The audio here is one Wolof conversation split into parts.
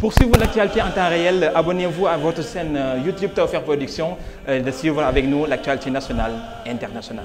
Pour suivre l'actualité en temps réel, abonnez-vous à votre chaîne YouTube Tawfekh Production et suivre avec nous l'actualité nationale internationale.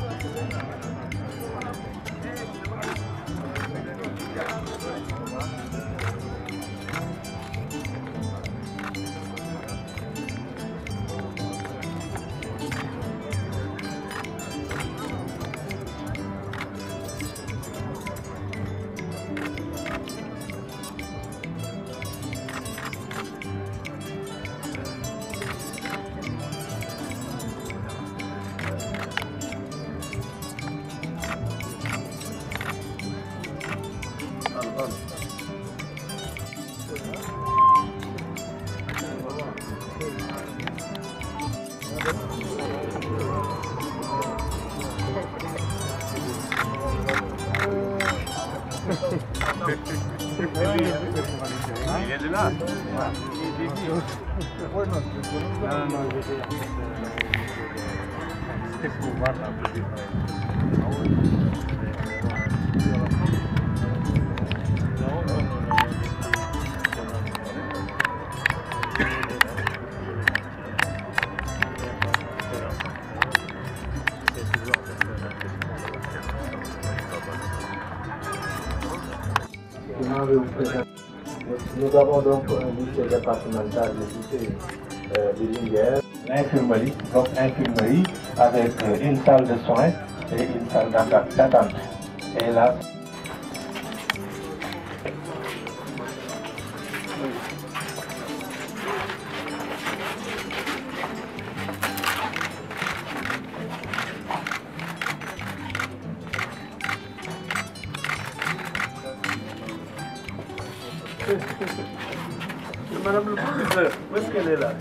Yediler. Tek bu var da bu bir. représente. Nous avons donc un lycée départemental de lycée euh, de Linguère. L'infirmerie, donc infirmerie avec euh, une salle de soins et une salle d'attente. Et là, Madame le professeur, où est-ce qu'elle est là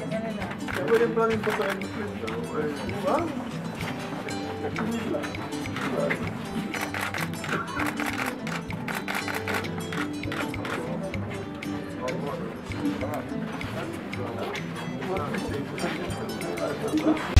Elle voulait me prendre une photo avec le président. Thank you.